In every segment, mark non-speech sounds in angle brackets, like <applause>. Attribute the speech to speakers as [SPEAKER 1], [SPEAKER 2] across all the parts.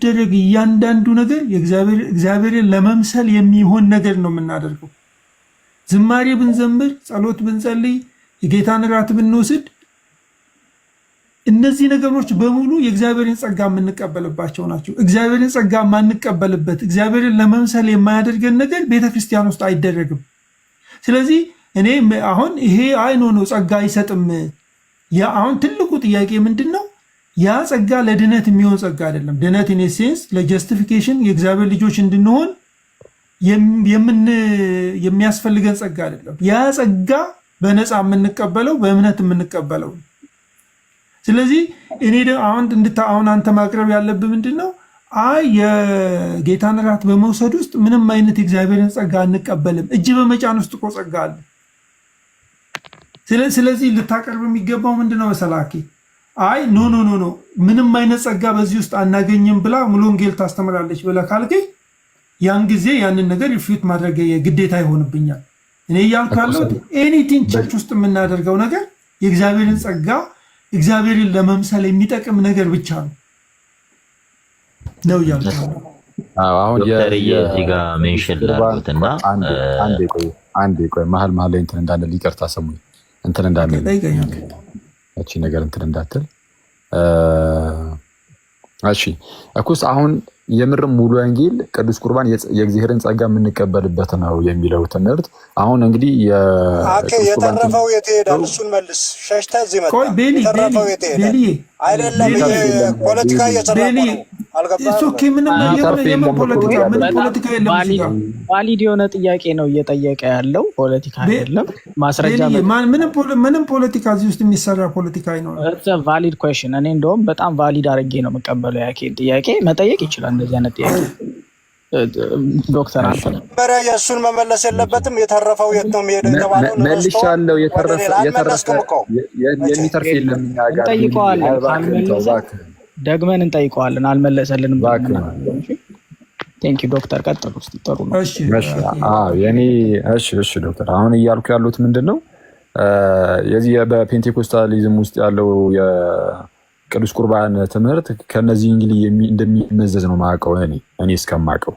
[SPEAKER 1] የሚደረግ እያንዳንዱ ነገር እግዚአብሔርን ለመምሰል የሚሆን ነገር ነው የምናደርገው። ዝማሬ ብንዘምር፣ ጸሎት ብንጸልይ፣ የጌታን እራት ብንወስድ፣ እነዚህ ነገሮች በሙሉ የእግዚአብሔርን ጸጋ የምንቀበልባቸው ናቸው። እግዚአብሔርን ጸጋ የማንቀበልበት እግዚአብሔርን ለመምሰል የማያደርገን ነገር ቤተክርስቲያን ውስጥ አይደረግም። ስለዚህ እኔ አሁን ይሄ አይኖ ነው ጸጋ አይሰጥም። አሁን ትልቁ ጥያቄ ምንድን ነው? ያ ጸጋ ለድነት የሚሆን ጸጋ አይደለም። ድነት ኢን ሴንስ ለጀስቲፊኬሽን የእግዚአብሔር ልጆች እንድንሆን የሚያስፈልገን ጸጋ አይደለም። ያ ጸጋ በነፃ የምንቀበለው በእምነት የምንቀበለው። ስለዚህ እኔ አሁን አንተ ማቅረብ ያለብህ ምንድን ነው? አይ የጌታን እራት በመውሰድ ውስጥ ምንም አይነት የእግዚአብሔርን ጸጋ አንቀበልም። እጅ በመጫን ውስጥ እኮ ጸጋ አለ። ስለዚህ ልታቀርብ የሚገባው ምንድን ነው መሰላኬ አይ ኖ ኖ ኖ ምንም አይነት ጸጋ በዚህ ውስጥ አናገኝም ብላ ሙሉ ወንጌል ታስተምራለች ብለህ ካልከኝ ያን ጊዜ ያንን ነገር ሪፊዩት ማድረግ ግዴታ ይሆንብኛል። እኔ እያልኩ ያለሁት ኤኒቲንግ ቸርች ውስጥ የምናደርገው ነገር የእግዚአብሔርን ጸጋ እግዚአብሔርን ለመምሰል የሚጠቅም ነገር ብቻ ነው ነው እያልኩ
[SPEAKER 2] ዶክተርዬ ሜንሽን ላሉትና አንዴ ቆይ፣ መሀል መሀል ላይ እንትን እንዳለ ሊቀርታ ሰሙ እንትን እንዳለ እቺ ነገር እንትን እንዳትል እሺ እኩስ አሁን የምርም ሙሉ ወንጌል ቅዱስ ቁርባን የእግዚአብሔርን ጸጋ የምንቀበልበት ነው የሚለው ትምህርት አሁን እንግዲህ የተረፈው የት ሄዳል?
[SPEAKER 3] እሱን መልስ። ሸሽተህ እዚህ መጣ። የተረፈው የት ሄዳል? አይደለም ፖለቲካ እየሰራ ነው
[SPEAKER 1] እሱ
[SPEAKER 4] የሆነ ጥያቄ ነው እየጠየቀ ያለው ፖለቲካ አይደለም። ማስረጃ ምንም ፖለቲካ እዚህ ውስጥ የሚሰራ ፖለቲካ አይኖርም። ቫሊድ ኩዌሽን። እኔ እንደውም በጣም ቫሊድ አድርጌ ነው የምቀበለው። ያኬን ጥያቄ መጠየቅ ይችላል። እንደዚህ አይነት ጥያቄ ዶክተር አንተ
[SPEAKER 3] የእሱን መመለስ የለበትም። የተረፈው የት ነው የሚሄደው የተባለው መልሻለሁ። የተረፈ
[SPEAKER 2] የሚተርፍ የለም።
[SPEAKER 4] ጠይቀዋለን ደግመን እንጠይቀዋለን። አልመለሰልንም።
[SPEAKER 2] ዶክተር ቀጥሉ። ጥሩ ነው። እሺ ዶክተር፣ አሁን እያልኩ ያሉት ምንድን ነው የዚህ በፔንቴኮስታሊዝም ውስጥ ያለው የቅዱስ ቁርባን ትምህርት ከነዚህ እንግ እንደሚመዘዝ ነው ማቀው እኔ እኔ እስከማቀው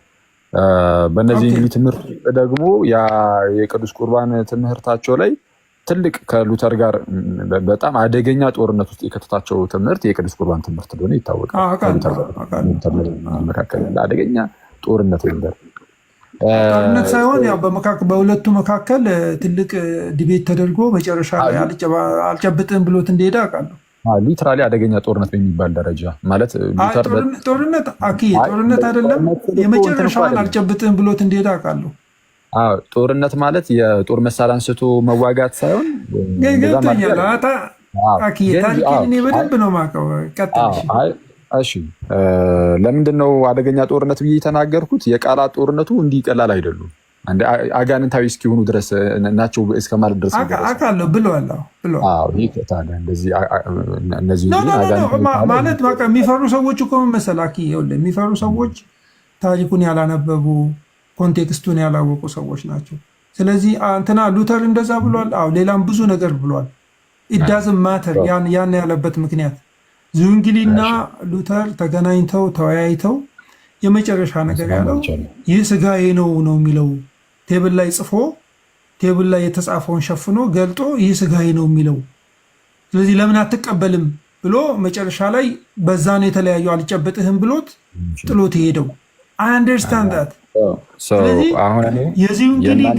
[SPEAKER 2] በእነዚህ እንግሊ ትምህርት ደግሞ የቅዱስ ቁርባን ትምህርታቸው ላይ ትልቅ ከሉተር ጋር በጣም አደገኛ ጦርነት ውስጥ የከተታቸው ትምህርት የቅዱስ ቁርባን ትምህርት እንደሆነ ይታወቃል። መካከል አደገኛ ጦርነት ነበር። ጦርነት ሳይሆን
[SPEAKER 1] በሁለቱ መካከል ትልቅ ዲቤት ተደርጎ መጨረሻ አልጨብጥም ብሎት
[SPEAKER 2] እንደሄደ አውቃለሁ። ሊትራሊ አደገኛ ጦርነት በሚባል ደረጃ ማለት ጦርነት
[SPEAKER 1] ጦርነት አይደለም። የመጨረሻውን አልጨብጥም ብሎት እንደሄደ አውቃለሁ።
[SPEAKER 2] ጦርነት ማለት የጦር መሳሪያ አንስቶ መዋጋት ሳይሆን በደንብ እሺ ለምንድን ነው አደገኛ ጦርነት ብዬ የተናገርኩት? የቃላት ጦርነቱ እንዲህ ቀላል አይደሉም። አጋንንታዊ እስኪሆኑ ድረስ ናቸው እስከ ማለት ድረስ አውቃለሁ
[SPEAKER 1] ብለዋል። የሚፈሩ ሰዎች እኮ መሰላ የሚፈሩ ሰዎች ታሪኩን ያላነበቡ ኮንቴክስቱን ያላወቁ ሰዎች ናቸው። ስለዚህ እንትና ሉተር እንደዛ ብሏል። አዎ ሌላም ብዙ ነገር ብሏል። ኢዳዝም ማተር ያን ያለበት ምክንያት ዝንግሊና ሉተር ተገናኝተው ተወያይተው የመጨረሻ ነገር ያለው ይህ ስጋዬ ነው ነው የሚለው ቴብል ላይ ጽፎ ቴብል ላይ የተጻፈውን ሸፍኖ ገልጦ ይህ ስጋዬ ነው የሚለው ስለዚህ ለምን አትቀበልም ብሎ መጨረሻ ላይ በዛ ነው የተለያዩ አልጨበጥህም ብሎት ጥሎት ሄደው አንደርስታንድ ት የዚህ እንግዲህ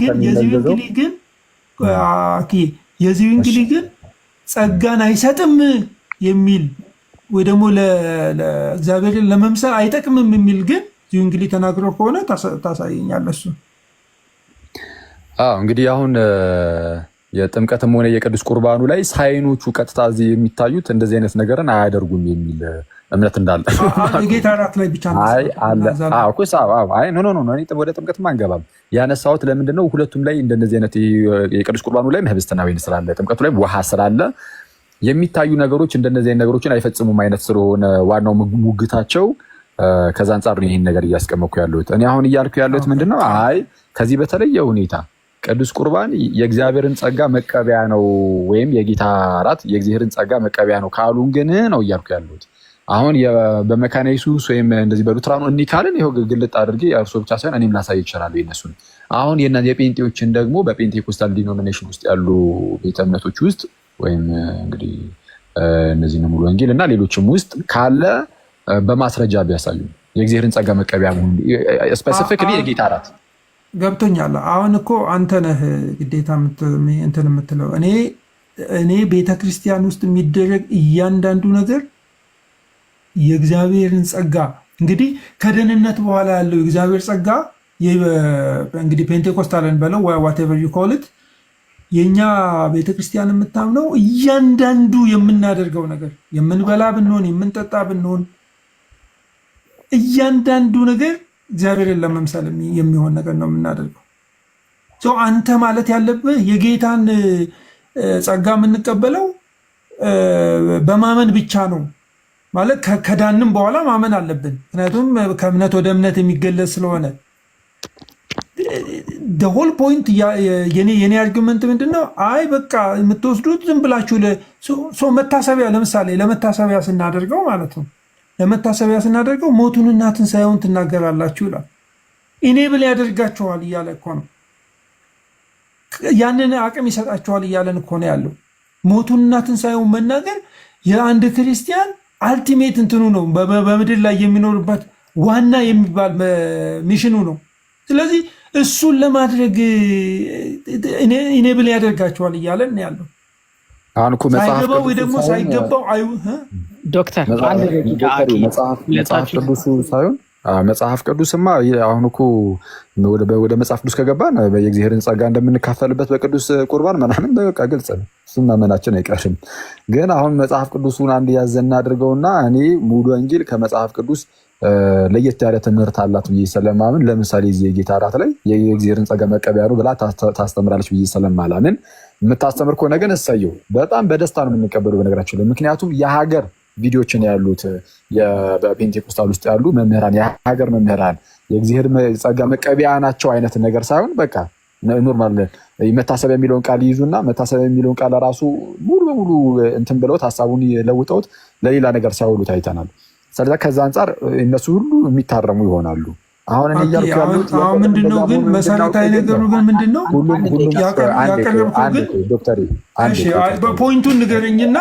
[SPEAKER 1] ግን ጸጋን አይሰጥም የሚል ወይ ደግሞ እግዚአብሔርን ለመምሰል አይጠቅምም የሚል ግን እዚሁ እንግዲህ ተናግሮ ከሆነ ታሳየኛለ እሱ
[SPEAKER 2] እንግዲህ አሁን የጥምቀትም ሆነ የቅዱስ ቁርባኑ ላይ ሳይኖቹ ቀጥታ እዚህ የሚታዩት እንደዚህ አይነት ነገርን አያደርጉም የሚል እምነት እንዳለ <laughs> ወደ ጥምቀት አንገባም። ያነሳሁት ለምንድነው ሁለቱም ላይ እንደነዚህ አይነት የቅዱስ ቁርባኑ ላይ ህብስትና ወይን ስላለ፣ ጥምቀቱ ላይ ውሃ ስላለ የሚታዩ ነገሮች እንደነዚህ አይነት ነገሮችን አይፈጽሙም አይነት ስለሆነ ዋናው ሙግታቸው ከዛ አንጻር ነው ይህን ነገር እያስቀመኩ ያለሁት። እኔ አሁን እያልኩ ያለሁት ምንድነው? አይ ከዚህ በተለየ ሁኔታ ቅዱስ ቁርባን የእግዚአብሔርን ጸጋ መቀበያ ነው ወይም የጌታ እራት የእግዚአብሔርን ጸጋ መቀበያ ነው ካሉን ግን ነው እያልኩ ያለሁት አሁን በመካናይሱ ወይም እንደዚህ በሉትራኑ እኒካልን ይኸው ግልጥ አድርጌ እርሶ ብቻ ሳይሆን እኔም ላሳይ ይችላሉ የነሱን። አሁን የና የጴንጤዎችን ደግሞ በጴንቴኮስታል ዲኖሚኔሽን ውስጥ ያሉ ቤተ እምነቶች ውስጥ ወይም እንግዲህ እነዚህ ነው ሙሉ ወንጌል እና ሌሎችም ውስጥ ካለ በማስረጃ ቢያሳዩ የእግዚአብሔርን ጸጋ መቀቢያ መሆኑን ስፔሲፊክሊ የጌታ እራት
[SPEAKER 1] ገብቶኛል። አሁን እኮ አንተ ነህ ግዴታ እንትን የምትለው እኔ እኔ ቤተክርስቲያን ውስጥ የሚደረግ እያንዳንዱ ነገር የእግዚአብሔርን ጸጋ እንግዲህ ከደህንነት በኋላ ያለው የእግዚአብሔር ጸጋ እንግዲህ ፔንቴኮስታልን በለው ዋቴቨር ዩ ኮልት የእኛ ቤተክርስቲያን የምታምነው እያንዳንዱ የምናደርገው ነገር የምንበላ ብንሆን የምንጠጣ ብንሆን እያንዳንዱ ነገር እግዚአብሔርን ለመምሰል የሚሆን ነገር ነው የምናደርገው። አንተ ማለት ያለብህ የጌታን ጸጋ የምንቀበለው በማመን ብቻ ነው ማለት ከዳንም በኋላ ማመን አለብን። ምክንያቱም ከእምነት ወደ እምነት የሚገለጽ ስለሆነ ደሆል ፖይንት የኔ አርጊመንት ምንድን ነው? አይ በቃ የምትወስዱት ዝም ብላችሁ ሰው መታሰቢያ፣ ለምሳሌ ለመታሰቢያ ስናደርገው ማለት ነው ለመታሰቢያ ስናደርገው ሞቱን እና ትናገራላችሁ ይላል። እኔ ብል ያደርጋችኋል እያለ እኮ ነው። ያንን አቅም ይሰጣችኋል እያለን እኮ ነው ያለው። ሞቱንና ትንሣኤውን መናገር የአንድ ክርስቲያን አልቲሜት እንትኑ ነው በምድር ላይ የሚኖርባት ዋና የሚባል ሚሽኑ ነው። ስለዚህ እሱን ለማድረግ ኢኔብል ያደርጋቸዋል እያለን ያለው ሳይገባው ወይ ደግሞ ሳይገባው ዶክተር መጽሐፍ ቅዱሱ ሳይሆን
[SPEAKER 2] መጽሐፍ ቅዱስማ አሁን እኮ ወደ መጽሐፍ ቅዱስ ከገባን የእግዚአብሔርን ጸጋ እንደምንካፈልበት በቅዱስ ቁርባን ምናምን በቃ ግልጽ ነው። እሱም መመናችን አይቀርም። ግን አሁን መጽሐፍ ቅዱሱን አንድ ያዘና አድርገውና እኔ ሙሉ ወንጌል ከመጽሐፍ ቅዱስ ለየት ያለ ትምህርት አላት ብዬ ስለማምን፣ ለምሳሌ እዚህ የጌታ እራት ላይ የእግዚአብሔርን ጸጋ መቀበያ ነው ብላ ታስተምራለች ብዬ ስለማላምን፣ የምታስተምር ከሆነ ግን እሰየው፣ በጣም በደስታ ነው የምንቀበሉ። በነገራችን ላይ ምክንያቱም የሀገር ቪዲዮችን ያሉት በፔንቴኮስታል ውስጥ ያሉ መምህራን የሀገር መምህራን የእግዚአብሔር ጸጋ መቀቢያ ናቸው አይነት ነገር ሳይሆን በቃ ኖርማል መታሰብ የሚለውን ቃል ይይዙና መታሰብ የሚለውን ቃል ራሱ ሙሉ በሙሉ እንትን ብለውት ሀሳቡን ለውጠውት ለሌላ ነገር ሲያውሉት አይተናል። ስለዚ ከዛ አንጻር እነሱ ሁሉ የሚታረሙ ይሆናሉ። አሁን እኔ እያልኩ ያሉት ምንድነው ግን መሰረታዊ ነገሩ ግን ምንድነው ያቀረብኩት
[SPEAKER 1] ፖይንቱን ንገረኝና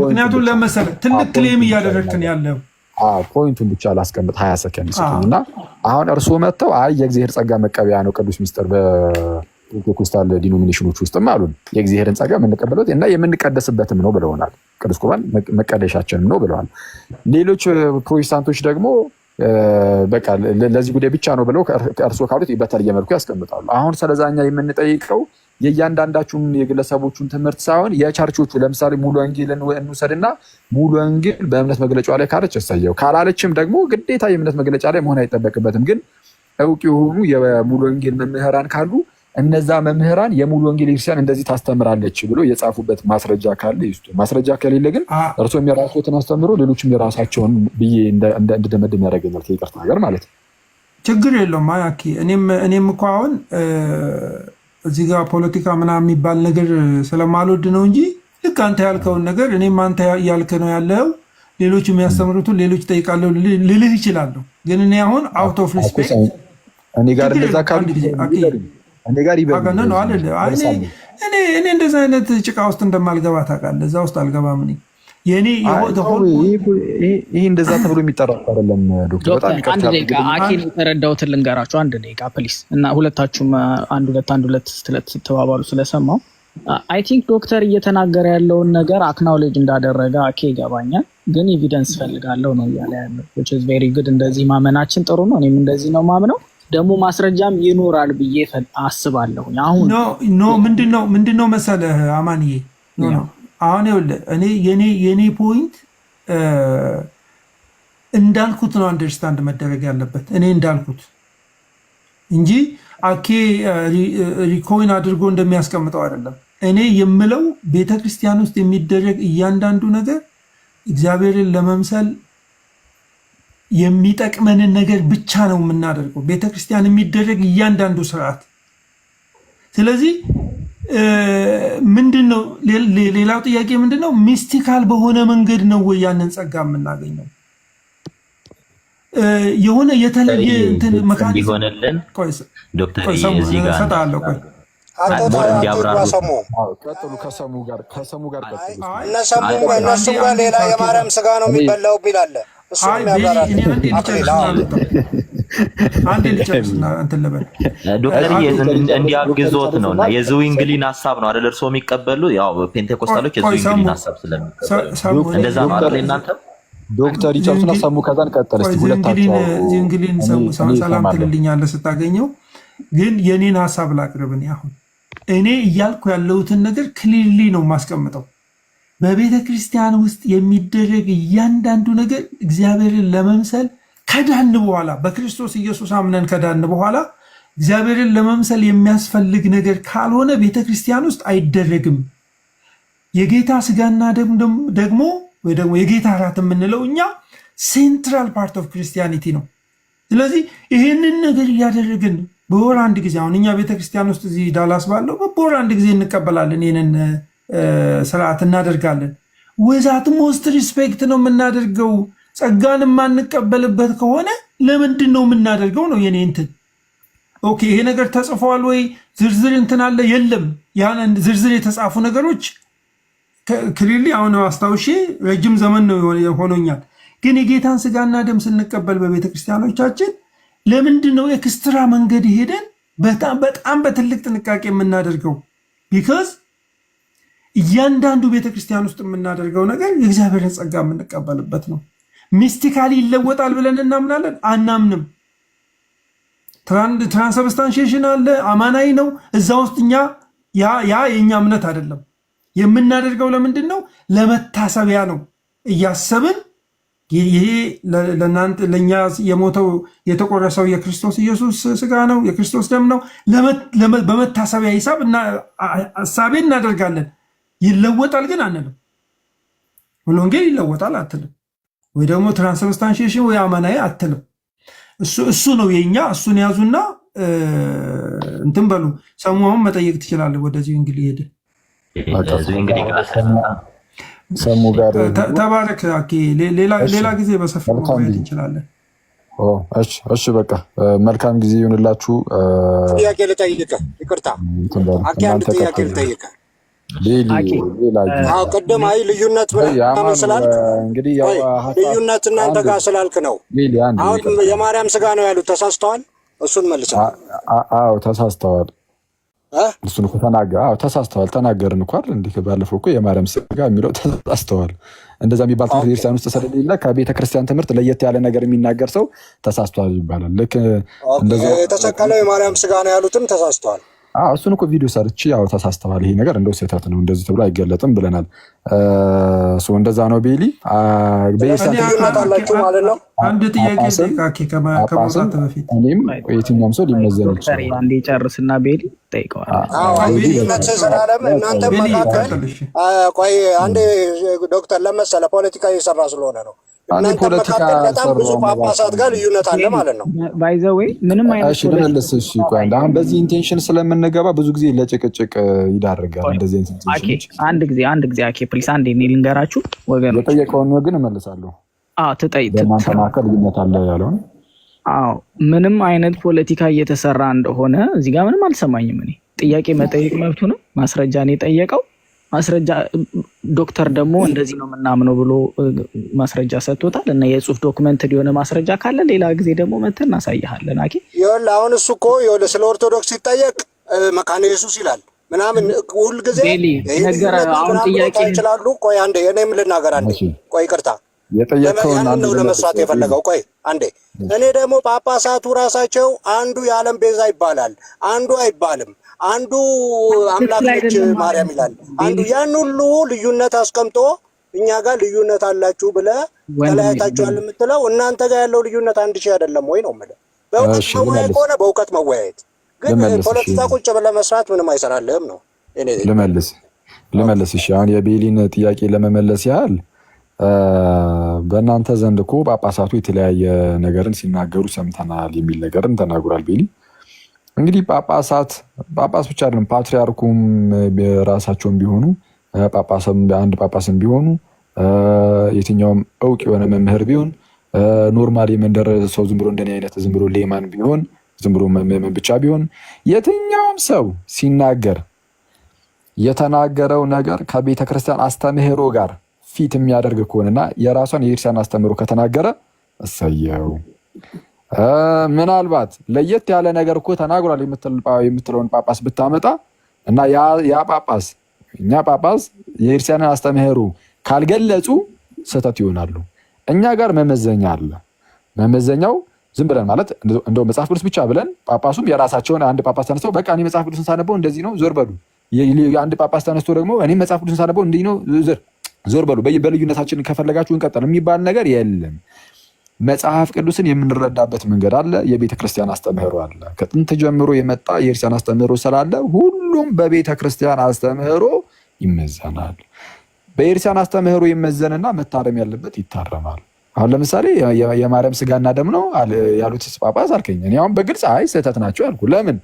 [SPEAKER 1] ምክንያቱም ለመሰረት ትልቅ ክሌም እያደረግክን ያለው
[SPEAKER 2] ፖይንቱን ብቻ ላስቀምጥ ሀያ ሰከንድ ስጡኝ እና አሁን እርስዎ መጥተው አይ የእግዚአብሔር ጸጋ መቀበያ ነው ቅዱስ ሚስጥር በፔንቴኮስታል ዲኖሚኔሽኖች ውስጥም አሉን የእግዚአብሔርን ጸጋ የምንቀበለት እና የምንቀደስበትም ነው ብለውናል ቅዱስ ቁርባን መቀደሻችንም ነው ብለዋል ሌሎች ፕሮቴስታንቶች ደግሞ በቃ ለዚህ ጉዳይ ብቻ ነው ብለው እርስዎ ካሉት በተለየ መልኩ ያስቀምጣሉ። አሁን ስለዛኛ የምንጠይቀው የእያንዳንዳችሁን የግለሰቦቹን ትምህርት ሳይሆን የቸርቾቹ ለምሳሌ ሙሉ ወንጌልን እንውሰድና ሙሉ ወንጌል በእምነት መግለጫ ላይ ካለች ያሳየው ካላለችም ደግሞ ግዴታ የእምነት መግለጫ ላይ መሆን አይጠበቅበትም። ግን እውቅ የሆኑ የሙሉ ወንጌል መምህራን ካሉ እነዛ መምህራን የሙሉ ወንጌል ክርስቲያን እንደዚህ ታስተምራለች ብሎ የጻፉበት ማስረጃ ካለ ይስጡ። ማስረጃ ከሌለ ግን እርሶም የራሶትን አስተምሮ ሌሎችም የራሳቸውን ብዬ እንድደመድም ያደርገኛል። ከይቅርታ ነገር ማለት ነው።
[SPEAKER 1] ችግር የለውም አያኪ። እኔም እኮ አሁን እዚህ ጋር ፖለቲካ ምናምን የሚባል ነገር ስለማልወድ ነው እንጂ ልክ አንተ ያልከውን ነገር እኔም አንተ እያልክ ነው ያለው። ሌሎች የሚያስተምሩትን ሌሎች ጠይቃለሁ ልልህ ይችላለሁ። ግን እኔ አሁን አውት ኦፍ ሪስፔክት እኔ ጋር እንደዛ ካሉ እኔ ጋር እኔ እንደዚህ አይነት ጭቃ ውስጥ እንደማልገባ ታውቃለህ። እዛ ውስጥ አልገባም። የኔ ይህ እንደዛ ተብሎ የሚጠራ አይደለም። ዶክተር
[SPEAKER 2] አንድ ደቂቃ አኬን
[SPEAKER 4] የተረዳሁትን ልንገራችሁ። አንድ ደቂቃ ፕሊስ። እና ሁለታችሁም አንድ ሁለት አንድ ሁለት ስትለት ስትባባሉ ስለሰማው አይ ቲንክ ዶክተር እየተናገረ ያለውን ነገር አክናውሌጅ እንዳደረገ አኬ ይገባኛል። ግን ኤቪደንስ ፈልጋለው ነው እያለ ያለው ቬሪ ጉድ። እንደዚህ ማመናችን ጥሩ ነው። እኔም እንደዚህ ነው ማምነው ደግሞ ማስረጃም ይኖራል ብዬ አስባለሁ።
[SPEAKER 1] አሁን ምንድነው መሰለህ አማንዬ፣ አሁን ይኸውልህ እኔ የኔ ፖይንት እንዳልኩት ነው አንደርስታንድ መደረግ ያለበት እኔ እንዳልኩት እንጂ አኬ ሪኮይን አድርጎ እንደሚያስቀምጠው አይደለም። እኔ የምለው ቤተክርስቲያን ውስጥ የሚደረግ እያንዳንዱ ነገር እግዚአብሔርን ለመምሰል የሚጠቅመንን ነገር ብቻ ነው የምናደርገው፣ ቤተክርስቲያን የሚደረግ እያንዳንዱ ስርዓት። ስለዚህ ምንድን ነው ሌላው ጥያቄ ምንድን ነው? ሚስቲካል በሆነ መንገድ ነው ወይ ያንን ጸጋ የምናገኘው? የሆነ የተለየ ሆነልን ዶክተር እዚህ
[SPEAKER 2] ጋር ከሰሙ ጋር
[SPEAKER 3] ሌላ የማርያም ስጋ ነው የሚበላው ይላል ዶክተርዬ እንዲያግዞት ነው እና የዝዊንግሊን ሀሳብ ነው አይደል? እርስዎ የሚቀበሉ ያው ፔንቴኮስታሎች የዝዊንግሊን ሀሳብ
[SPEAKER 2] ስለሚቀበሉ እንደዛ ነው አይደል? እናንተ ዶክተር ይጨርሱና ሰሙ ከዛን ቀጠለ ስ ዝዊንግሊን ሰላም
[SPEAKER 1] ትልልኛለህ ስታገኘው። ግን የኔን ሀሳብ ላቅርብን። አሁን እኔ እያልኩ ያለሁትን ነገር ክሊርሊ ነው የማስቀምጠው በቤተ ክርስቲያን ውስጥ የሚደረግ እያንዳንዱ ነገር እግዚአብሔርን ለመምሰል ከዳን በኋላ በክርስቶስ ኢየሱስ አምነን ከዳን በኋላ እግዚአብሔርን ለመምሰል የሚያስፈልግ ነገር ካልሆነ ቤተ ክርስቲያን ውስጥ አይደረግም። የጌታ ስጋና ደግሞ ወይ ደግሞ የጌታ ራት የምንለው እኛ ሴንትራል ፓርት ኦፍ ክርስቲያኒቲ ነው። ስለዚህ ይህንን ነገር እያደረግን በወር አንድ ጊዜ አሁን እኛ ቤተክርስቲያን ውስጥ እዚህ ዳላስ ባለው በወር አንድ ጊዜ እንቀበላለን ይህንን ስርዓት እናደርጋለን። ወዛት ሞስት ሪስፔክት ነው የምናደርገው። ጸጋን የማንቀበልበት ከሆነ ለምንድን ነው የምናደርገው? ነው የኔ እንትን ኦኬ። ይሄ ነገር ተጽፏል ወይ ዝርዝር እንትን አለ የለም። ያን ዝርዝር የተጻፉ ነገሮች ክሊሊ አሁን አስታውሼ ረጅም ዘመን ነው ሆኖኛል። ግን የጌታን ስጋና ደም ስንቀበል በቤተ ክርስቲያኖቻችን ለምንድን ነው ኤክስትራ መንገድ ሄደን በጣም በጣም በትልቅ ጥንቃቄ የምናደርገው? ቢካዝ እያንዳንዱ ቤተክርስቲያን ውስጥ የምናደርገው ነገር የእግዚአብሔርን ጸጋ የምንቀበልበት ነው። ሚስቲካሊ ይለወጣል ብለን እናምናለን አናምንም። ትራንስብስታንሽሽን አለ አማናዊ ነው። እዛ ውስጥ እኛ ያ የእኛ እምነት አይደለም። የምናደርገው ለምንድን ነው? ለመታሰቢያ ነው። እያሰብን ይሄ ለእናንተ ለእኛ የሞተው የተቆረሰው የክርስቶስ ኢየሱስ ስጋ ነው፣ የክርስቶስ ደም ነው። በመታሰቢያ ሂሳብ እሳቤ እናደርጋለን። ይለወጣል ግን አንልም። ወንጌል ይለወጣል አትልም። ወይ ደግሞ ትራንስubስታንሺዬሽን ወይ አመናዬ አትልም። እሱ እሱ ነው የኛ። እሱን ያዙና እንትን በሉ። ሰሙን መጠየቅ ትችላለህ። ወደዚህ እንግዲህ ሄደ ሰሙ ጋር ተባረክ። ሌላ ጊዜ በሰፊው ማየት እንችላለን።
[SPEAKER 2] እሺ በቃ መልካም ጊዜ ይሁንላችሁ። ጥያቄ
[SPEAKER 1] ልጠይቅህ፣ ይቅርታ
[SPEAKER 3] አንድ ጥያቄ ልጠይቅህ ቅድም አይ ልዩነት ምናምን ስላልክ ልዩነት እናንተ ጋር ስላልክ ነው። አሁን የማርያም ስጋ ነው ያሉት ተሳስተዋል። እሱን
[SPEAKER 2] ተሳስተዋል። እሱን ተናገር። ተሳስተዋል። ተናገርን እኮ አይደል? እንዲህ ባለፈው እኮ የማርያም ስጋ የሚለው ተሳስተዋል። እንደዛ የሚባል ትምህርት ቤተክርስቲያን ውስጥ ስለሌለ ትምህርት ለየት ያለ ነገር የሚናገር ሰው ተሳስተዋል ይባላል። ልክ
[SPEAKER 3] የተሰቀለው የማርያም ስጋ ነው ያሉትም ተሳስተዋል።
[SPEAKER 2] እሱን እኮ ቪዲዮ ሰርች ያው ተሳስተዋል፣ ይሄ ነገር እንደው ስህተት ነው፣ እንደዚህ ተብሎ አይገለጥም ብለናል። እንደዛ ነው ቤሊ እኔም የትኛውም ሰው ሊመዘን ጨርስና ቤሊ ጠይቀዋል።
[SPEAKER 3] ቆይ አንዴ ዶክተር ለመሰለ ፖለቲካዊ ሰራ ስለሆነ ነው አይነት
[SPEAKER 2] አሁን በዚህ ኢንቴንሽን ስለምንገባ ብዙ ጊዜ ለጭቅጭቅ ይዳርጋል። እንደዚህ አንድ ጊዜ አንድ ጊዜ አኬ ፕሊስ
[SPEAKER 4] ልንገራችሁ የጠየቀውን እመልሳለሁ።
[SPEAKER 2] በእናንተ መካከል ልዩነት አለ ያለውን
[SPEAKER 4] አዎ ምንም አይነት ፖለቲካ እየተሰራ እንደሆነ እዚህ ጋር ምንም አልሰማኝም። እኔ ጥያቄ መጠየቅ መብቱ ነው። ማስረጃ ነው የጠየቀው ማስረጃ ዶክተር ደግሞ እንደዚህ ነው የምናምነው ብሎ ማስረጃ ሰጥቶታል። እና የጽሁፍ ዶክመንት ሊሆነ ማስረጃ ካለ ሌላ ጊዜ ደግሞ መተን እናሳይሃለን። አኪ
[SPEAKER 3] ይኸውልህ አሁን እሱ እኮ ይኸውልህ ስለ ኦርቶዶክስ ሲጠየቅ መካነ ኢየሱስ ይላል ምናምን ሁል ጊዜ ይችላሉ። ቆይ አንዴ እኔም ልናገር አንዴ ቆይ ይቅርታ ያን ነው ለመስራት የፈለገው። ቆይ አንዴ እኔ ደግሞ ጳጳሳቱ ራሳቸው አንዱ የዓለም ቤዛ ይባላል፣ አንዱ አይባልም አንዱ አምላክ ነች ማርያም ይላል፣ አንዱ ያን ሁሉ ልዩነት አስቀምጦ እኛ ጋር ልዩነት አላችሁ ብለ ተለያይታችኋል የምትለው እናንተ ጋር ያለው ልዩነት አንድ ሺህ አይደለም ወይ ነው የምልህ። በእውቀት መወያየት ከሆነ በእውቀት መወያየት፣
[SPEAKER 4] ግን ፖለቲካ
[SPEAKER 3] ቁጭ ብለህ መስራት ምንም አይሰራልህም ነው። ልመልስ
[SPEAKER 2] ልመልስ። እሺ አሁን የቤሊን ጥያቄ ለመመለስ ያህል በእናንተ ዘንድ እኮ ጳጳሳቱ የተለያየ ነገርን ሲናገሩ ሰምተናል የሚል ነገርን ተናግሯል ቤሊ እንግዲህ ጳጳሳት ጳጳስ ብቻ አይደለም፣ ፓትሪያርኩም ራሳቸውም ቢሆኑ ጳጳስም አንድ ጳጳስም ቢሆኑ የትኛውም እውቅ የሆነ መምህር ቢሆን ኖርማል የመንደር ሰው ዝም ብሎ እንደኔ አይነት ዝም ብሎ ሌማን ቢሆን ዝም ብሎ መመን ብቻ ቢሆን የትኛውም ሰው ሲናገር የተናገረው ነገር ከቤተ ክርስቲያን አስተምህሮ ጋር ፊት የሚያደርግ ከሆነና የራሷን የክርስቲያን አስተምህሮ ከተናገረ እሰየው። ምናልባት ለየት ያለ ነገር እኮ ተናግሯል የምትለውን ጳጳስ ብታመጣ እና ያ ጳጳስ እኛ ጳጳስ የክርስቲያንን አስተምህሩ ካልገለጹ ስህተት ይሆናሉ። እኛ ጋር መመዘኛ አለ። መመዘኛው ዝም ብለን ማለት እንደው መጽሐፍ ቅዱስ ብቻ ብለን ጳጳሱም የራሳቸውን አንድ ጳጳስ ተነስተው በቃ እኔ መጽሐፍ ቅዱስን ሳነበው እንደዚህ ነው ዞር በሉ፣ አንድ ጳጳስ ተነስቶ ደግሞ እኔ መጽሐፍ ቅዱስን ሳነበው እንዲህ ነው ዞር በሉ፣ በልዩነታችን ከፈለጋችሁ እንቀጠል የሚባል ነገር የለም። መጽሐፍ ቅዱስን የምንረዳበት መንገድ አለ። የቤተ ክርስቲያን አስተምህሮ አለ። ከጥንት ጀምሮ የመጣ የክርስቲያን አስተምህሮ ስላለ ሁሉም በቤተ ክርስቲያን አስተምህሮ ይመዘናል። በኤርሲያን አስተምህሮ ይመዘንና መታረም ያለበት ይታረማል። አሁን ለምሳሌ የማርያም ስጋና ደም ነው ያሉት ጳጳስ አልከኝ። እኔ አሁን በግልጽ አይ ስህተት ናቸው ያልኩ። ለምን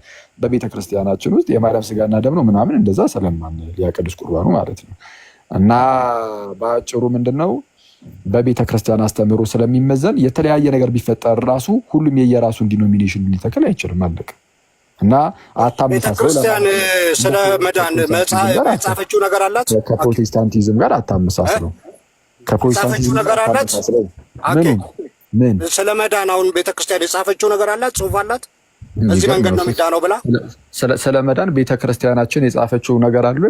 [SPEAKER 2] በቤተ ክርስቲያናችን ውስጥ የማርያም ስጋና ደም ነው ምናምን እንደዛ ስለማንል፣ ያ ቅዱስ ቁርባኑ ማለት ነው። እና በአጭሩ ምንድን ነው በቤተ ክርስቲያን አስተምህሮ ስለሚመዘን የተለያየ ነገር ቢፈጠር ራሱ ሁሉም የየራሱን ዲኖሚኔሽን ሊተክል አይችልም። አለቅ እና አታመሳስቤተክርስቲያን ስለ መዳን መጻፈችው ነገር አላት ከፕሮቴስታንቲዝም ጋር አታመሳስለው። ከፕሮቴስታንቲዝም ነገር አላት ምን ምን
[SPEAKER 3] ስለ መዳን አሁን ቤተክርስቲያን የጻፈችው ነገር አላት ጽሁፍ አላት እዚህ መንገድ ነው የሚዳነው ብላ
[SPEAKER 2] ስለ መዳን ቤተ ክርስቲያናችን የጻፈችው ነገር አለ።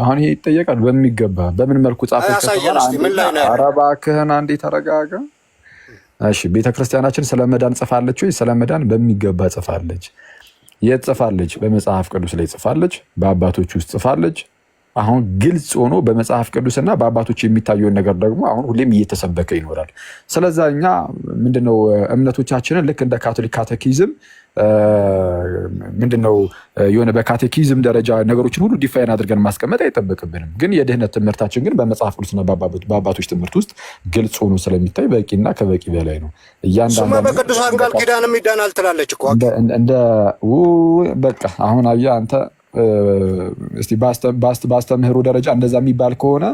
[SPEAKER 2] አሁን ይሄ ይጠየቃል በሚገባ በምን መልኩ ጻፈች? ክህን አንዴ ተረጋጋ። እሺ ቤተ ክርስቲያናችን ስለ መዳን ጽፋለች ወይ? ስለ መዳን በሚገባ ጽፋለች። የት ጽፋለች? በመጽሐፍ ቅዱስ ላይ ጽፋለች፣ በአባቶች ውስጥ ጽፋለች። አሁን ግልጽ ሆኖ በመጽሐፍ ቅዱስና በአባቶች የሚታየውን ነገር ደግሞ አሁን ሁሌም እየተሰበከ ይኖራል። ስለዛ እኛ ምንድነው እምነቶቻችንን ልክ እንደ ካቶሊክ ካተኪዝም? ምንድነው የሆነ በካቴኪዝም ደረጃ ነገሮችን ሁሉ ዲፋይን አድርገን ማስቀመጥ አይጠበቅብንም። ግን የድህነት ትምህርታችን ግን በመጽሐፍ ቅዱስና በአባቶች ትምህርት ውስጥ ግልጽ ሆኖ ስለሚታይ በቂና ከበቂ በላይ ነው። እያንዳንዱ በቅዱሳን
[SPEAKER 3] ቃል ኪዳንም ይዳናል ትላለች
[SPEAKER 2] እኮ እንደ በቃ አሁን አየህ አንተ እስኪ ደረጃ እንደዛ የሚባል ከሆነ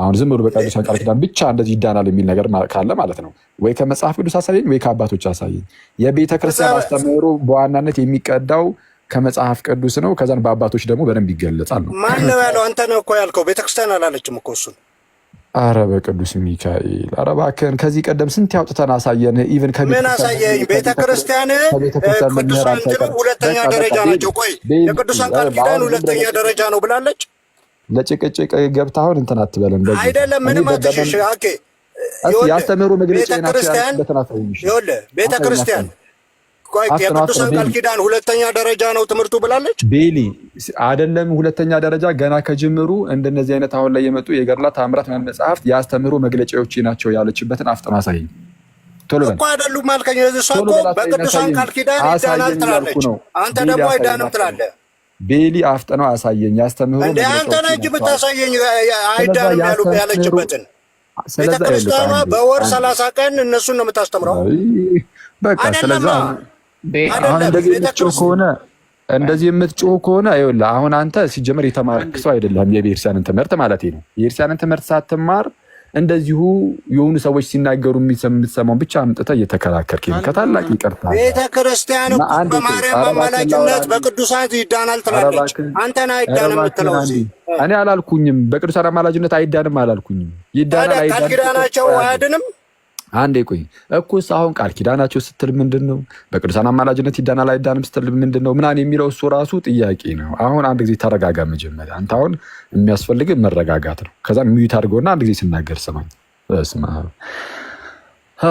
[SPEAKER 2] አሁን ዝም ብሎ በቅዱስ ቃል ኪዳን ብቻ እንደዚህ ይዳናል የሚል ነገር ካለ ማለት ነው ወይ ከመጽሐፍ ቅዱስ አሳየኝ ወይ ከአባቶች አሳየኝ። የቤተ ክርስቲያን አስተምህሮ በዋናነት የሚቀዳው ከመጽሐፍ ቅዱስ ነው። ከዛን በአባቶች ደግሞ በደንብ ይገለጻል ነው።
[SPEAKER 3] ማን ነው ያለው? አንተ ነው እኮ ያልከው። ቤተክርስቲያን አላለችም እኮ እሱን።
[SPEAKER 2] አረ በቅዱስ ሚካኤል፣ አረ እባክህን ከዚህ ቀደም ስንት ያውጥተን አሳየን። ኢቨን ምን አሳየኝ? ቤተክርስቲያን ቅዱሳን ሁለተኛ ደረጃ ናቸው።
[SPEAKER 3] ቆይ የቅዱሳን ቃል ኪዳን ሁለተኛ ደረጃ ነው ብላለች።
[SPEAKER 2] ለጭቅጭቅ ገብታ አሁን እንትን አትበለን። አይደለም ምንም አትሽሽ።
[SPEAKER 3] የአስተምህሮ መግለጫ ቤተ ክርስቲያን የቅዱሳን ቃል ኪዳን ሁለተኛ ደረጃ ነው ትምህርቱ ብላለች።
[SPEAKER 2] ቤሊ አይደለም ሁለተኛ ደረጃ ገና ከጅምሩ እንደነዚህ አይነት አሁን ላይ የመጡ የገድላት ታምራት ምናምን መጽሐፍት የአስተምህሮ መግለጫዎች ናቸው ያለችበትን አፍጥና አሳየኝ። ቶሎ እኮ
[SPEAKER 3] አይደሉም አልከኝ። እሷ እኮ በቅዱሳን ቃል ኪዳን ይዳናል ትላለች፣ አንተ ደግሞ አይዳንም ትላለህ።
[SPEAKER 2] ቤሊ አፍጥነው አሳየኝ። ያስተምህሩ አንተ ነህ እንጂ ብታሳየኝ አይዳንም ያሉ ያለችበትን ቤተክርስቲያኗ በወር ሰላሳ
[SPEAKER 3] ቀን እነሱን ነው የምታስተምረው።
[SPEAKER 2] በቃ ስለዛ
[SPEAKER 3] አሁን እንደዚህ የምትጮህ
[SPEAKER 2] ከሆነ እንደዚህ የምትጮህ ከሆነ ይኸውልህ፣ አሁን አንተ ሲጀመር የተማርክ ሰው አይደለም። የቤተክርስቲያንን ትምህርት ማለት ነው። የቤተክርስቲያንን ትምህርት ሳትማር እንደዚሁ የሆኑ ሰዎች ሲናገሩ የምትሰማውን ብቻ አምጥተ እየተከላከልክ ከታላቅ ይቅርታ
[SPEAKER 3] ቤተ ክርስቲያን በማርያም አማላጅነት በቅዱሳት ይዳናል ትላለች። አንተን አይዳን የምትለው
[SPEAKER 2] እኔ አላልኩኝም። በቅዱሳት አማላጅነት አይዳንም አላልኩኝም። ይዳናል አይዳንም ቃል ኪዳናቸው አያድንም አንዴ ቆይ እኩስ አሁን ቃል ኪዳናቸው ስትል ምንድን ነው? በቅዱሳን አማላጅነት ይዳናል አይዳንም ስትል ምንድን ነው? ምናን የሚለው እሱ ራሱ ጥያቄ ነው። አሁን አንድ ጊዜ ተረጋጋ። መጀመሪያ አንተ አሁን የሚያስፈልግ መረጋጋት ነው። ከዛ ሚዩት አድርገውና አንድ ጊዜ ስናገር ስማኝ።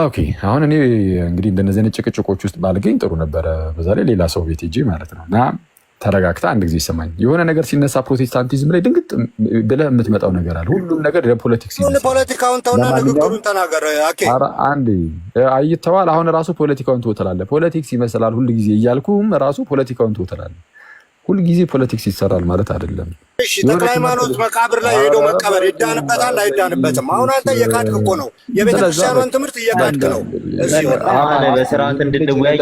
[SPEAKER 2] ኦኬ አሁን እኔ እንግዲህ እንደነዚህ ጭቅጭቆች ውስጥ ባልገኝ ጥሩ ነበረ። በዛ ላይ ሌላ ሰው ቤት ሂጄ ማለት ነው እና ተረጋግተ አንድ ጊዜ ይሰማኝ የሆነ ነገር ሲነሳ ፕሮቴስታንቲዝም ላይ ድንግጥ ብለህ የምትመጣው ነገር አለ። ሁሉም ነገር ለፖለቲክስ ፖለቲካውን አይተዋል። አሁን ራሱ ፖለቲካውን ትወተላለህ። ፖለቲክስ ይመስላል ሁሉ ጊዜ እያልኩም ራሱ ፖለቲካውን ትወተላለህ። ሁልጊዜ ፖለቲክስ ይሰራል ማለት አይደለም። እሺ ተክለ ሃይማኖት መቃብር
[SPEAKER 3] ላይ ሄዶ መቀበር ይዳንበታል አይዳንበትም? አሁን አንተ እየካድክ እኮ ነው፣ የቤተክርስቲያኗን ትምህርት እየካድክ ነው። በስርዓት እንድንወያይ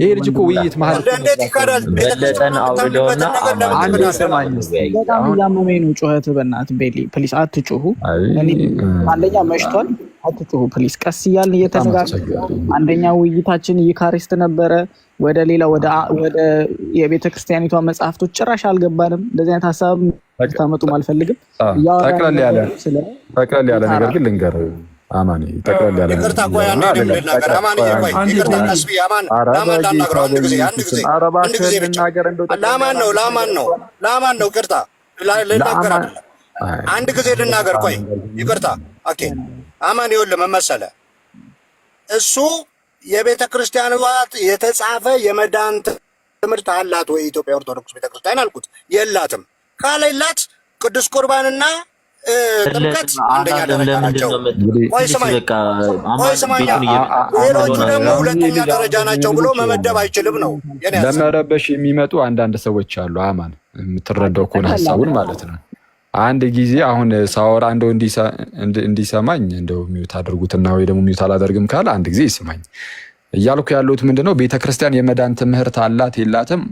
[SPEAKER 3] ይሄ ልጅ እኮ ውይይት መሀል እንዴት ይካዳል?
[SPEAKER 2] በለጠን አውለውና አንድ ሰማኝ። በጣም
[SPEAKER 4] እያመመኝ ነው ጩኸት። በእናትህ ቤሊ ፕሊስ አትጩሁ። አንደኛ መሽቷል አትጩሁ ፕሊስ። ቀስ እያልን እየተነጋገርን አንደኛ ውይይታችን ይካሪስት ነበረ። ወደ ሌላ ወደ የቤተ ክርስቲያኒቷ መጽሐፍቶች ጭራሽ አልገባንም። እንደዚህ አይነት ሀሳብ ታመጡም አልፈልግም።
[SPEAKER 2] ጠቅለል ያለ ነገር ግን ልንገር አማን ጠቅለል ያለ ነው ነው ነው? ልናገር
[SPEAKER 3] አንድ ጊዜ ልናገር። ቆይ ይቅርታ ኦኬ አማን ይወል ምን እሱ የቤተ ክርስቲያን ዋት የተጻፈ የመዳን ትምህርት አላት ወይ ኢትዮጵያ ኦርቶዶክስ ቤተ ክርስቲያን አልኩት። የላትም ካለላት ቅዱስ ቁርባንና
[SPEAKER 4] ጥምቀት አንደኛ
[SPEAKER 2] ደረጃ ናቸው።
[SPEAKER 3] ቆይ ስማኝ፣
[SPEAKER 4] ቆይ ስማኝ፣
[SPEAKER 2] ሌሎቹ ደግሞ
[SPEAKER 3] ሁለተኛ ደረጃ ናቸው ብሎ መመደብ አይችልም ነው።
[SPEAKER 2] ለመረበሽ የሚመጡ አንዳንድ ሰዎች አሉ። አማን የምትረዳው ከሆነ ሀሳቡን ማለት ነው አንድ ጊዜ አሁን ሳወራ እንደው እንዲሰማኝ እንደው ሚዩት አድርጉትና ወይ ደግሞ ሚዩት አላደርግም ካለ አንድ ጊዜ ይስማኝ። እያልኩ ያለሁት ምንድነው ቤተክርስቲያን የመዳን ትምህርት አላት የላትም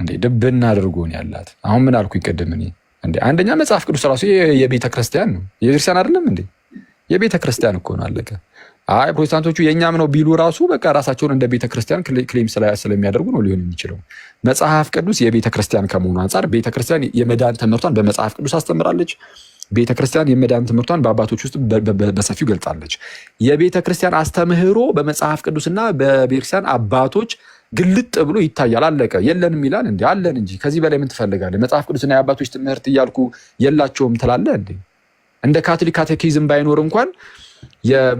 [SPEAKER 2] እንዴ? ድብን አድርጎን ያላት። አሁን ምን አልኩ ይቀድም እኔ እንዴ አንደኛ መጽሐፍ ቅዱስ ራሱ የቤተክርስቲያን ነው። የክርስቲያን አይደለም እንዴ? የቤተክርስቲያን እኮ ነው አለቀ። አይ ፕሮቴስታንቶቹ የእኛም ነው ቢሉ ራሱ በቃ ራሳቸውን እንደ ቤተክርስቲያን ክሌም ስለሚያደርጉ ነው ሊሆን የሚችለው። መጽሐፍ ቅዱስ የቤተክርስቲያን ከመሆኑ አንጻር ቤተክርስቲያን የመዳን ትምህርቷን በመጽሐፍ ቅዱስ አስተምራለች። ቤተክርስቲያን የመዳን ትምህርቷን በአባቶች ውስጥ በሰፊው ገልጻለች። የቤተክርስቲያን አስተምህሮ በመጽሐፍ ቅዱስና በቤተክርስቲያን አባቶች ግልጥ ብሎ ይታያል። አለቀ። የለንም ይላል እንዲ አለን እንጂ ከዚህ በላይ ምን ትፈልጋለህ? መጽሐፍ ቅዱስና የአባቶች ትምህርት እያልኩ የላቸውም ትላለህ እንዴ? እንደ ካቶሊክ ካቴኪዝም ባይኖር እንኳን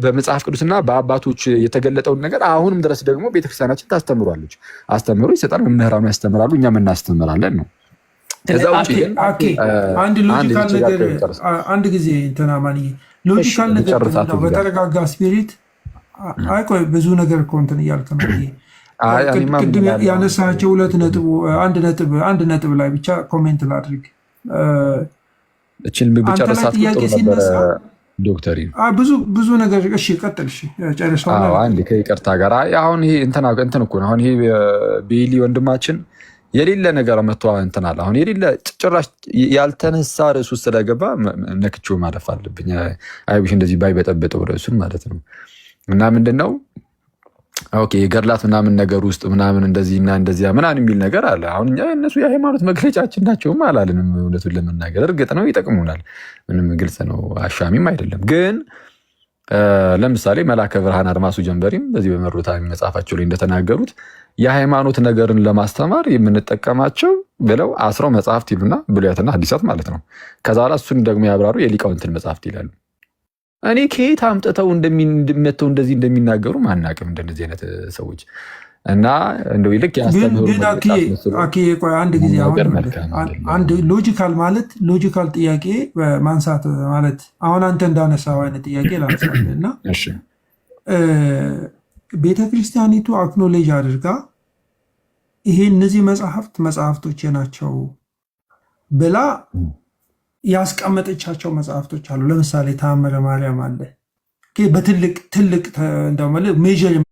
[SPEAKER 2] በመጽሐፍ ቅዱስና በአባቶች የተገለጠውን ነገር አሁንም ድረስ ደግሞ ቤተክርስቲያናችን ታስተምሯለች። አስተምሮ ይሰጣል፣ መምህራኑ ያስተምራሉ፣ እኛም እናስተምራለን ነው።
[SPEAKER 1] አንድ ሎጂካል ነገር አንድ ጊዜ እንትና ማንዬ ሎጂካል ነገር በተረጋጋ ስፒሪት አይ ብዙ ነገር እኮ እንትን እያልክ ነው። ቅድም ያነሳቸው ሁለት ነጥብ አንድ ነጥብ አንድ ነጥብ ላይ ብቻ ኮሜንት ላድርግ። አንተ ላይ ጥያቄ ሲነሳ ዶክተሪ ብዙ ብዙ ነገር እሺ፣ ቀጥል። እሺ ቀጥል
[SPEAKER 2] ከይቅርታ ጋር አሁን ይሄ እንትን እንትን እኮ አሁን ይሄ ቤሊ ወንድማችን የሌለ ነገር መጥቶ እንትን አለ። አሁን የሌለ ጭራሽ ያልተነሳ ርዕሱ ስለገባ ነክቼው ማለፍ አለብኝ። አይብሽ እንደዚህ ባይ ባይበጠበጠው ርዕሱን ማለት ነው እና ምንድን ነው ኦኬ ገድላት ምናምን ነገር ውስጥ ምናምን እንደዚህና እንደዚያ ምናምን የሚል ነገር አለ። አሁን እኛ እነሱ የሃይማኖት መግለጫችን ናቸውም አላለንም። እውነቱን ለመናገር እርግጥ ነው ይጠቅሙናል፣ ምንም ግልጽ ነው፣ አሻሚም አይደለም። ግን ለምሳሌ መላከ ብርሃን አድማሱ ጀንበሪም በዚህ በመሮታ መጽሐፋቸው ላይ እንደተናገሩት የሃይማኖት ነገርን ለማስተማር የምንጠቀማቸው ብለው አስረው መጽሐፍት ይሉና ብሉያትና ሐዲሳት ማለት ነው። ከዛ በኋላ እሱን ደግሞ ያብራሩ የሊቃውንትን መጽሐፍት ይላሉ። እኔ ከየት አምጥተው እንደሚመተው እንደዚህ እንደሚናገሩ ማናቅም እንደነዚህ አይነት ሰዎች እና እንደው ልክ
[SPEAKER 1] አንድ ጊዜ አንድ ሎጂካል ማለት ሎጂካል ጥያቄ ማንሳት ማለት አሁን አንተ እንዳነሳው አይነት ጥያቄ ላነሳለህ እና ቤተክርስቲያኒቱ አክኖሌጅ አድርጋ ይሄ እነዚህ መጽሐፍት መጽሐፍቶቼ ናቸው ብላ ያስቀመጠቻቸው መጽሐፍቶች አሉ። ለምሳሌ ተአምረ ማርያም አለ። በትልቅ ትልቅ ሜር